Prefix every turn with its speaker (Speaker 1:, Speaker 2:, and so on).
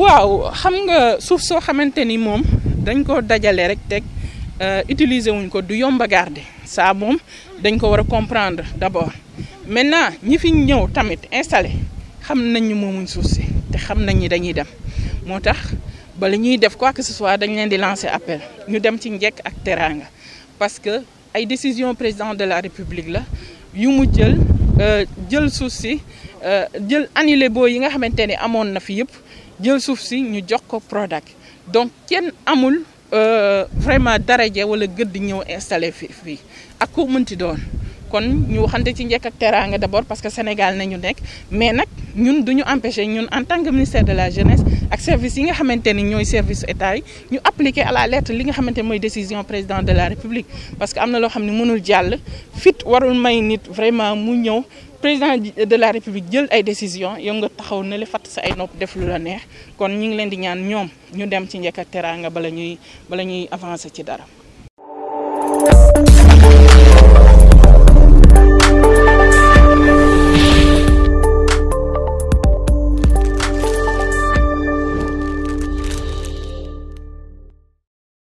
Speaker 1: waaw xam nga suuf soo xamante ni moom dañ ko dajale rek teg euh, utiliser wuñ ko du yomb a garder saa moom dañ ko war a comprendre d'abord maintenant ñi fi ñëw tamit installé xam nañ ñu moomuñ suuf si te xam nañ ñi dañuy dem moo tax bala ñuy def quoi que ce soit dañ leen di lancer appel ñu dem ci njekk ak teraanga parce que ay décision président de la république la yu mu jël euh, jël suuf si euh, jël annulé boo yi nga xamante ni amoon na fi yëpp. jë suuf si ñu jox ko Prodac donc kenn amul euh, vraiment daraja wala gëdd ñëw installé fii fii ak ko mënti doon. kon ñu waxante ci njëkk ak teranga d'abord parce que Sénégal nañu nek mais nak ñun duñu empêcher ñun en tant que ministère de la jeunesse ak service yi nga xamanteni ñoy service état yi ñu appliquer à la lettre li nga xamanteni moy décision président de la république parce que amna lo xamni mënul jall fit warul may nit vraiment mu ñëw président de la république jël ay décision yow nga taxaw ne le fat sa ay nopp def lu la neex kon ñi ngi leen di ñaan ñom ñu dem ci njëkk ak teranga bala ñuy bala ñuy avancer ci dara